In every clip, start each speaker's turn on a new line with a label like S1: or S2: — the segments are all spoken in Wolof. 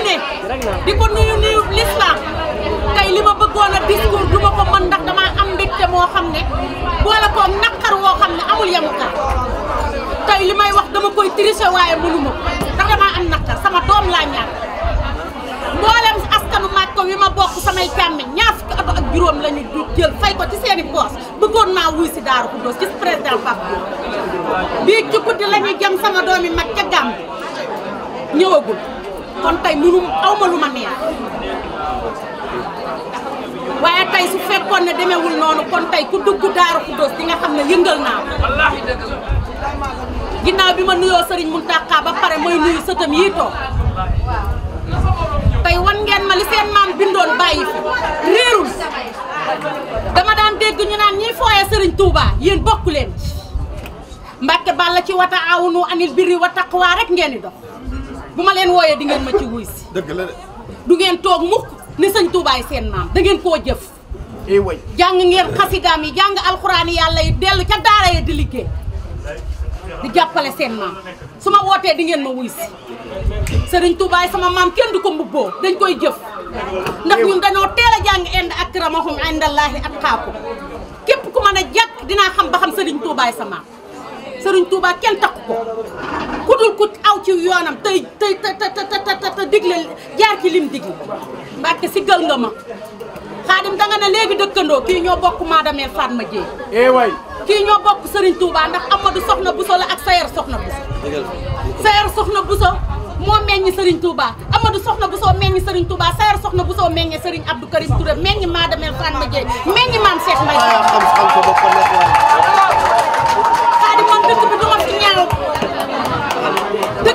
S1: yéene di ko nuyu nuyu lislaam tey li ma bëggoon a discours du ma ko mën ndax dama am mbégte moo xam ne boole ko naqar woo xam ne amul yamukaay tey li may wax dama koy triché waaye mënu ndax dama am naqar sama doom laa ñaar mboolem askanu maaj ko wi ma bokk samay càmme ñaar fukki ak juróom la jël fay ko ci seeni poos bëggoon naa wuy si Daaru Xudoos ci président Pape Diop bii ci guddi la jëm sama doom mag ca Gàmbi ñëwagul kon tey munu aw ma lu ma neex waaye tey su fekkoon ne demewul noonu kon tey ku dugg Daaru Xuddoos di nga xam ne yëngal naa ginnaaw bi ma nuyoo Serigne Mountakha ba pare mooy nuyu sëtam yii toog tey wan ngeen ma li seen maam bindoon bàyyi réerul dama daan dégg ñu naan ñiy fooyee Serigne Touba yéen bokk leen ci Mbàkke la ci wata awunu anil birri wa taqwa rek ngeen di dox bu ma leen wooyee di ngeen ma ci wuy si. dëgg la du ngeen toog mukk ni sëñ Tuubaay seen maam da ngeen koo jëf. eh way jàng ngeen xasidaam yi jàng alxuraani yàlla yi dellu ca daara ya di liggéey di jàppale seen maam su ma wootee di ngeen ma wuy si. sëriñ Tuubaay sama maam kenn du ko mbubboo dañ koy jëf ndax ñun dañoo teel a jàng ind akramahum indallaahi atqaakum képp ku mën a jàkk dinaa xam ba xam sëriñ Tuubaay sa maam sëriñ Tuubaa kenn takku ko. dul ku aw ci yoonam tey tey te te te digle jaar ci lim digle Mbàkke siggal nga ma xaadim danga ne léegi dëkkandoo kii ñoo bokk maadame Fatma Dieye. eh waay kii ñoo bokk Serigne Touba ndax Amadou Soxna Bousso la ak Sayer Soxna Bousso. Sayer Soxna Bousso moo meññi Serigne Touba Amadou Soxna Bousso meññi Serigne Touba Sayer Soxna Bousso meññi Serigne Abdou Karim Touré meññi maadame Fatma Dieye meññi maam Cheikh Mbaye. Ah, xaadim moom dëkk bi du ma fi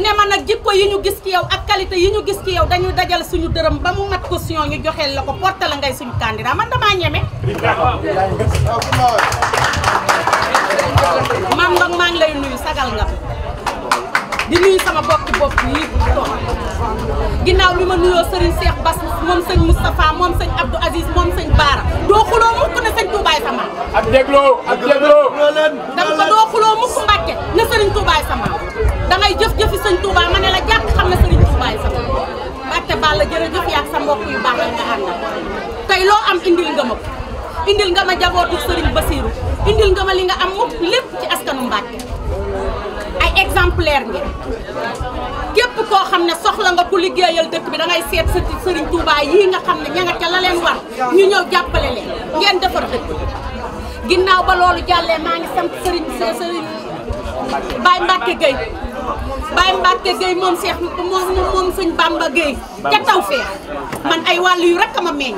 S1: ne ma nag jikko yi ñu gis ci yow ak qualité yi ñu gis ci yow dañuy dajal suñu dërëm ba mu mat caution ñu joxeel la ko porte la ngay suñu candidat man damaa ñeme. maam nag maa lay nuyu sagal nga di nuyu sama bokki bopp yi ginnaaw bi ma nuyoo Serigne Cheikh Bass moom sëñ Moustapha moom sëñ Abdou Aziz moom sëñ Baara doo xuloo mukk ne sëñ Toubaay sama. ak dégloo ak dégloo. dama ko doo xuloo mukk Mbàkke ne Serigne Toubaay sama. da ngay jëf-jëfi sëñ Touba ma ne la jàkk xam ne sëriñ Touba yi sax bàtte bàll jërëjëf yaag sa mbokk yu baax nga àndal tey loo am indil nga ma indil nga ma sëriñ Basiiru indil nga li nga am moom lépp ci askanu Mbàkke ay exemplaire ngeen képp koo xam ne soxla nga ku liggéeyal dëkk bi da seet sa sëriñ Touba yii nga xam ne ña ca la leen war ñu ñëw jàppale leen ngeen defar dëkk ginnaaw ba loolu jàllee maa ngi sant sëriñ sëriñ Baye Mbacke Gueye moom seex moom moom sëñ Bamba Gueye ca taw feex man ay wàll yu rek ma meññ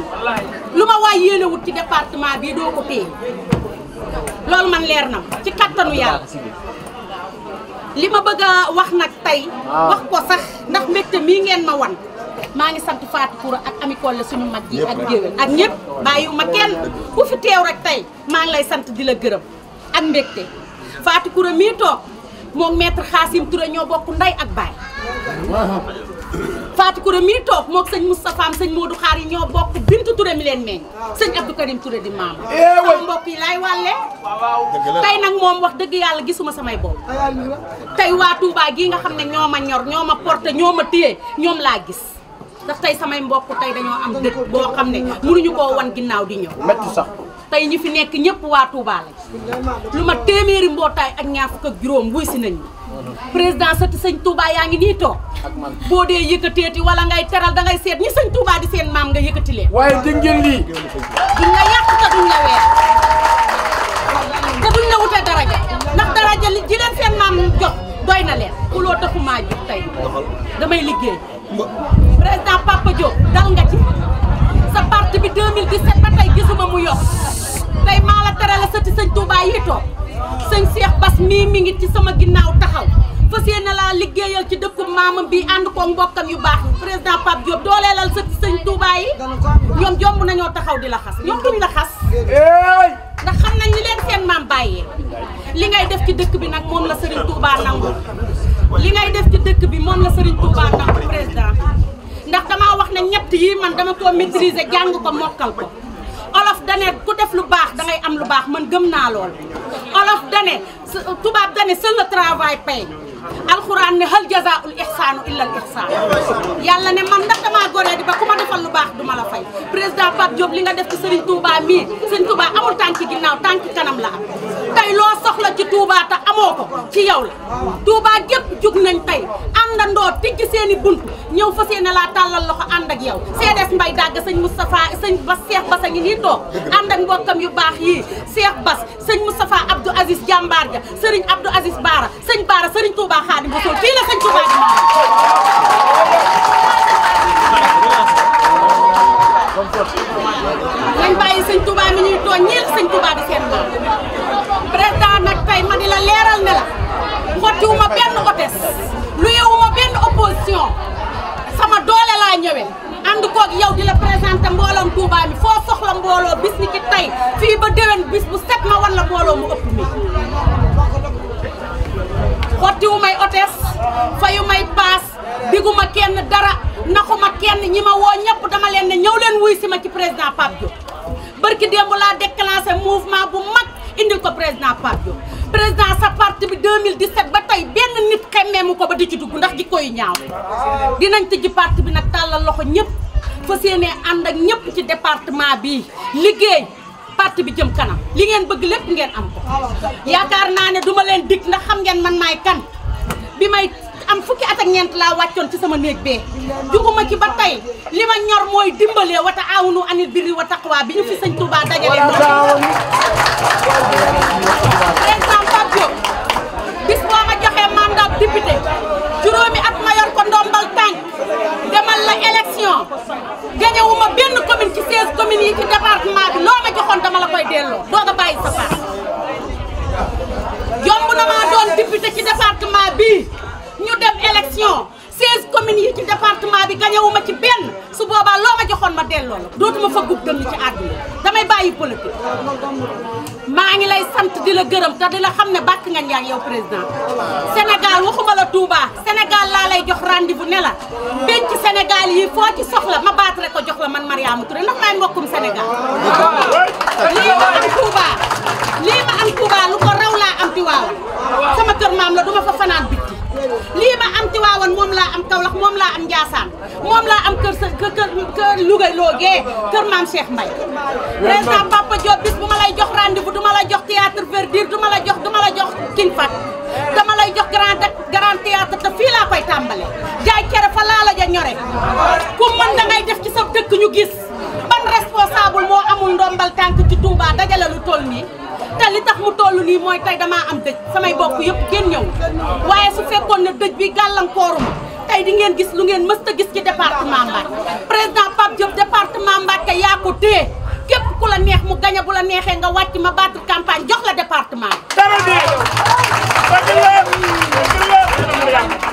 S1: lu ma waay yéene ci département bi doo ko téye loolu man leer na ci kattanu yàlla li ma bëgg a wax nag tey ah. wax ko sax ndax mbégte mii ngeen ma wan maa ngi sant Fatou Koura ak Ami Kolle suñu mag yi ak géwél ak ñëpp bàyyiwu ma kenn ku fi teew rek tey maa ngi lay sant di la gërëm ak mbégte Fatou Koura mii toog moom maître Xaasim Touré ñoo bokk nday ak baay Fatou Touré mii toog moog sëñ Moustapha am sëñ Modou Xaar yi ñoo bokk Bintu Touré mi leen meññ sëñ Abdou Karim Touré di maam eh, sama yi laay wàlle tey nag moom wax dëgg yàlla gisuma samay bopp tey waa Touba gii nga xam ne ñoo ma ñor ñoo ma porté ñoo ma téye ñoom laa gis ndax tey samay mbopp tey dañoo am dëkk boo xam ne mënuñu ko wan ginnaaw di ñëw metti sax tey ñi fi nekk ñëpp waa Touba lañ ma téeméeri mbootaay ak ñaar fukk ak juróom wuy si nañ président sati sëñ Touba yaa ngi nii toog boo dee yëkkateeti wala ngay teral da ngay seet ñi sëñ Touba di seen maam nga yëkkati leen waaye dégg ngeen lii duñ la yàq te duñ la wute daraja ndax daraja li ji seen maam jot doy na leen kuloo taxumaa jub tey damay liggéey président Papa Diop dal nga ci sa parti bi 2017 ba tey gisuma mu yokk tey maa la terale sëti sëñ Touba yi toog sëñ Cheikh Bass mii mi ngi ci sama ginnaaw taxaw fas yéene laa liggéeyal ci dëkk maamam bi ànd ko mbokkam yu baax yi président Pape Diop dooleelal sëti sëñ Touba yi ñoom jomb nañoo taxaw di la xas ñoom duñ la xas ndax li ngay def ci dëkk bi nag moom la Serigne Touba nangu li ngay def ci dëkk bi moom la Serigne Touba nangu président ndax damaa wax ne ñett yi man dama koo maîtriser jàng ko mokkal ko dane ku def lu baax dangay am lu baax man gëm naa lool olof dane tubaab dane seul le travail paye alxuraan ne hal jazaa'ul ihsaanu illa al ihsaan yàlla ne man ndax damaa goree ba ku ma defal lu baax du la fay président Pape Diop li nga def ci Serigne Touba mii Serigne Touba amul tànki ginnaaw tànki kanam la am tey loo soxla ci Touba te amoo ko ci yow la Touba gépp jug nañ tey àndandoo tijji seen i bunt ñëw fas yéene laa tàllal loxo ànd ak yow CDS Mbay dàgg sëñ Moustapha sëñ Bas Cheikh Bas a ngi nii toog ànd ak yu baax yii Cheikh Bas sëñ Moustapha Xaadim bàyyi sëñ Tuubaa mi ñuy tooñ ñii la sëñ Tuubaa di seen maam président nag tey ma di la leeral ne la xottiwuma benn otes lu yewuma benn opposition sama doole laa ñëwee ànd koog yow di la présenté mbooloom Touba mi foo soxla mbooloo bis ni ci tey fii ba déwén bis bu set ma wan la mbooloo mu ëpp mi xottiwu may otes fayu may paas diguma kenn dara naxuma kenn ñi ma woo ñëpp dama leen ne ñëw leen wuy si ma ci président Pape Diop barki démb laa déclenché mouvement bu mag indil ko président Pape Diop président sa parti bi 2017 ba tey benn nit xemmeemu ko ba di ci dugg ndax jikko yu ñaaw dinañ tëj parti bi nag tàllal loxo ñëpp fas yéene ànd ak ñëpp ci département bi liggéey parti bi jëm kanam li ngeen bëgg lépp ngeen am ko yaakaar naa ne duma leen dig ndax xam ngeen man maay kan bi may am fukki at ñeent laa wàccoon ci sama néeg bee juguma ci ba tey li ma ñor mooy dimbalee wata aawunu anil birri wa taqwa bi ñu fi sëñ Touba dajale gërëm te di la xam ne bàkk nga ñaan yow président Sénégal waxuma la Touba Sénégal laa lay jox rendez-vous ne la penc Sénégal yi foo ci soxla ma baat rek ko jox la man Mariama Touré ndax maay mbokkum Sénégal lii ma am Touba lii ma am Touba lu ko raw laa am ti waaw sama kër maam la duma fa fanaan bitti lii ma am Tiwaawan moom laa am Kaolack moom laa am Ndiassane moom laa am kër sa kër kër Louga loogee kër maam Cheikh Mbaye président Papa Diop bu ma lay jox rendez-vous du lay jox dire du ma la jox du ma la jox King Fat dama lay jox grand grand fii laa koy tàmbale jaay cere fa laa ñore ku mën da def ci sa dëkk ñu gis ban responsable moo amul ndombal tànk ci Touba dajale lu toll nii te li tax mu toll nii mooy tey damaa am dëj samay bokk yëpp kenn ñëw waaye su fekkoon ne dëj bi gàllankoorum tey di ngeen gis lu ngeen mës a gis ci département Mbacké président Pape Diop département yaa ko téye mu gañe la neexee nga wàcc ma battre campagne jox la département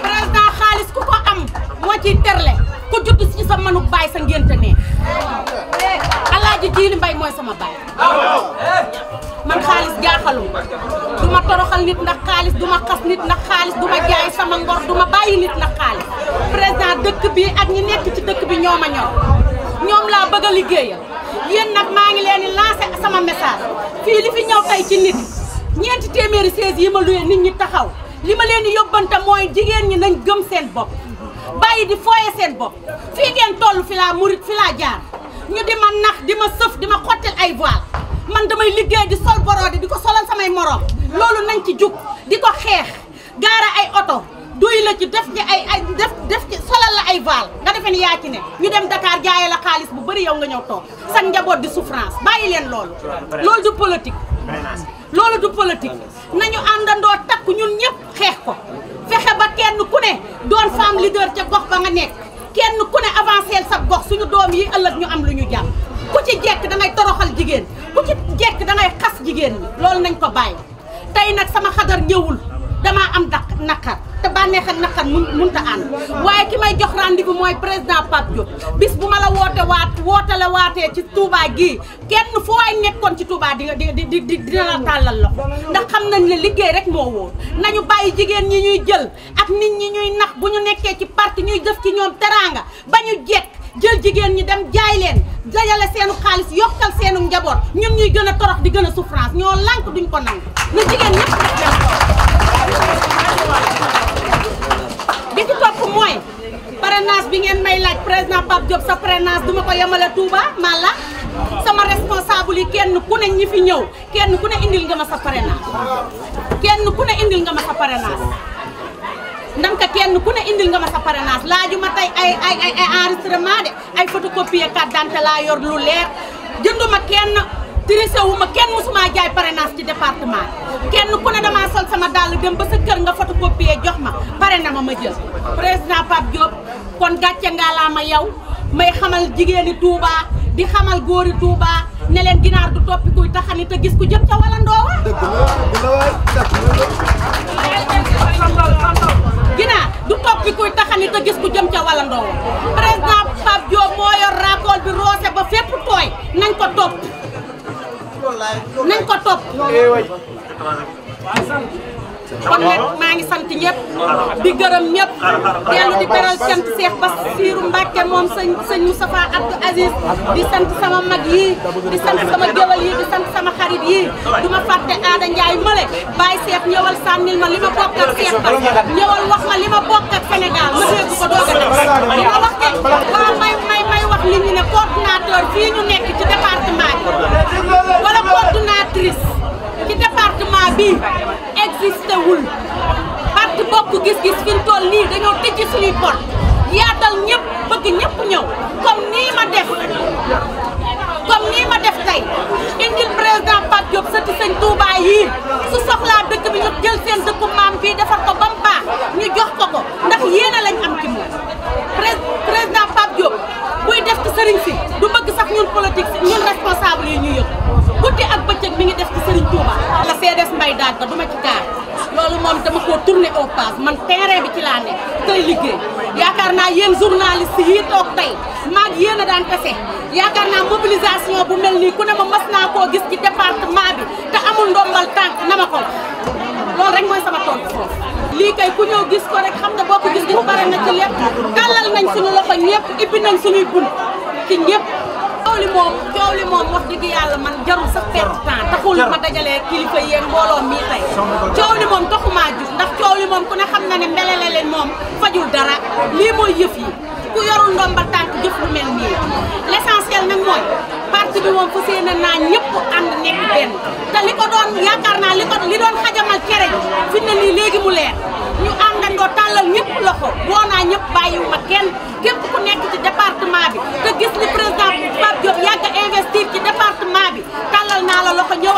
S1: président xaalis ku ko am moo ciy terle ku judd ci sa mënuk baay sa ngénte neex alaaji jiili mbay mooy sama baay man xaalis jaaxaluma du toroxal nit ndax xaalis du xas nit ndax xaalis du jaay sama ngor du bàyyi nit ndax xaalis président dëkk bi ak ñi nekk ci dëkk bi ñoo ma ñor ñoom laa bëgg a liggéeyal yéen nag maa ngi leen di lancé sama message fii li fi ñëw tey ci nit ñeenti téeméeri seize yi ma luye nit ñi taxaw li ma leen yóbbante mooy jigéen ñi nañ gëm seen bopp bàyyi di fooye seen bopp fii ngeen toll fi laa murit fi laa jaar ñu di ma nax di ma sëf di ma xottil ay voile man damay liggéey di sol borode di ko solal samay moroom loolu nañ ci jug di ko xeex gaara ay oto doy la ci def ci ay ay def def ci solal la ay vaal nga defee ni yaa ci ne ñu dem Dakar jaaye la xaalis bu bëri yow nga ñëw toog sa njaboot di souffrance bàyyi leen loolu loolu du politique loolu du politique nañu àndandoo takk ñun ñëpp xeex ko fexe ba kenn ku ne doon femme leader ca gox ba nga nekk kenn ku ne avancé sa gox suñu doom yi ëllëg ñu am lu ñu jàpp ku ci jekk da ngay toroxal jigéen ku ci jekk da ngay xas jigéen ñi loolu nañ ko bàyyi tey nag sama xadar ñëwul damaa am da naqar te bànneex ak naqar mun mënut a ànd waaye ki may jox rendez mooy président Pape Diop bis bu ma la woote waat woote la waatee ci Touba gii kenn foo ay nekkoon ci Touba di nga di di di dina la tàllal loxo ndax xam nañ liggéey rek moo wóor nañu bàyyi jigéen ñi ñuy jël ak nit ñi ñuy nax bu ñu nekkee ci parti ñuy def ci ñoom teraanga ba ñu jekk jël jigéen ñi dem jaay leen dajale seenu xaalis yokkal seenu njaboot ñun ñuy gën a torox di gën a souffrance ñoo lànk duñ bi ngeen may laaj président Pape Diop sa prénance duma ko yemale Touba Malla sama responsable yi kenn ku ne ñi fi ñëw kenn ku ne indil nga ma sa parrainage kenn ku ne indil nga ma kenn ku ne indil nga ma sa parrainage laaju ma tey ay ay ay ay enregistrement de ay photocopie carte d'identité laa yor lu leer jënduma kenn triché ma kenn mosuma jaay parrainage ci département kenn ku ne sol sama dàll dem ba sa kër nga photocopier jox ma pare na ma yow may xamal jigéeni Touba di xamal góori Touba ne leen ginaar du toppi kuy taxani te gis ku jëm ca wala ndoowa président Pape Diop moo yor raakool bi roose ba fépp tooy nañ ko topp nañ ko topp kon nag maa ngi sant ñëpp di gërëm ñëpp dellu di beral sant Cheikh Bassirou Mbacke moom sëñ sëñ Moustapha Abdou di sant sama mag yii di sant sama géwal yii di sant sama xarit yii du ma Aada Ndiaye male Baye Cheikh ñëwal sànnil ma li ma bokk ak ba ñëwal wax ma li ma bokk ak Sénégal ma dégg ko doog a def li wax may may wax nit ñi ne coordinateur fii ñu nekk ci département bi bii existé wul parti bokk gis-gis fi ñu dañoo tëj suñuy porte yaatal ñëpp bëgg ñëpp ñëw comme nii ma def comme nii ma def tey indil président Pape Diop sëti sëñ Touba yii su soxlaa dëkk bi ñu jël seen dëkku maam bii defar ko ba ñu jox ko ko ndax yéene lañ am ci moom président Pape Diop buy def ci sëriñ si du bëgg sax ñun politique si mbay daal ba duma ci gaar loolu moom dama koo tourner au pas man terrain bi ci laa ne tey liggéey yaakaar naa yéen journaliste yi toog tey maag yéen a daan tase yaakaar naa mobilisation bu mel nii ku ne ma mas naa koo gis ci département bi te amul ndombal tànk na ma ko loolu rek mooy sama tontu foofu lii kay ku ñëw gis ko rek xam ne bokk gis-gis bare na ci lépp tàllal nañ suñu loxo ñëpp ibbi nañ suñuy bunt ci ñëpp coow li moom coow li moom wax dëgg yàlla man jarul sa perte temps taxul ma dajalee kilifa yéen mbooloo mii tey coow li moom taxumaa jug ndax coow li moom ku ne xam na ne mbelele leen moom fajul dara lii mooy yëf yi ku yorul ndomba tànk jëf lu mel nii l'essentiel nag mooy parti bi moom fu see naa ñëpp ànd nekk benn te li ko doon yaakaar naa li ko li doon xajamal kere fi ne nii léegi mu leer ñu àndandoo tàllal ñëpp loxo woo naa ñëpp bàyyiwu ma kenn képp ku nekk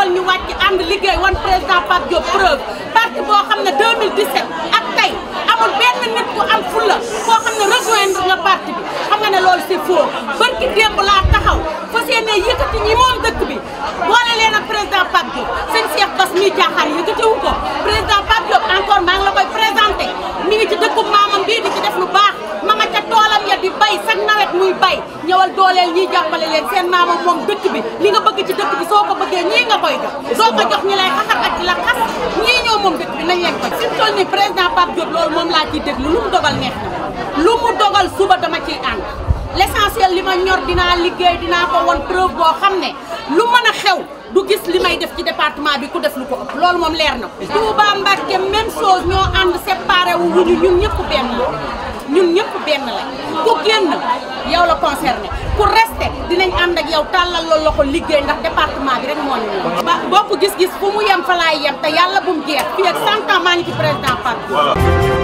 S1: dawal ñu wàcc ànd liggéey wan président Pape Diop preuve parti boo xam ne 2017 ak tey amul benn nit ku am fulla koo xam ne rejoindre nga parti bi xam nga ne loolu c'est faux barki démb laa taxaw fas yéene yëkkati ñi moom dëkk bi boole leen ak président Pape Diop sëñ Cheikh Bass mii jaaxaan yëkkatiwu ko président Pape Diop encore maa ngi la koy présenté mi ngi ci dëkku maamam bii di ci def lu baax ma nga ca toolam ya di bay chaque nawet muy bay ñëwal dooleel ñiy jàppale leen seen maamam moom dëkk bi doo ko jox ñi lay xaxar ak la xas ñii ñëw moom dëkk bi nañ leen ko fi mu toll président Pape Diop loolu moom laa ciy déglu lu mu dogal neex lu mu dogal suba dama ciy ànd l' li ma ñor dinaa liggéey dinaa ko won preuve boo xam ne lu mën a xew du gis li may def ci département bi ku def lu ko loolu moom leer na ko Touba Mbacké même ñoo ànd séparé wu wuñu ñun ñëpp benn ñun ñëpp benn lañ ku génn yow la concerné ku resté dinañ ànd ak yow tàllal la loxo liggéey ndax département bi rek moo ñu ñëw. ba ko gis-gis fu mu yem fa laay yem te yàlla bu mu jeex ak 100 ans maa ngi ci président Fatou.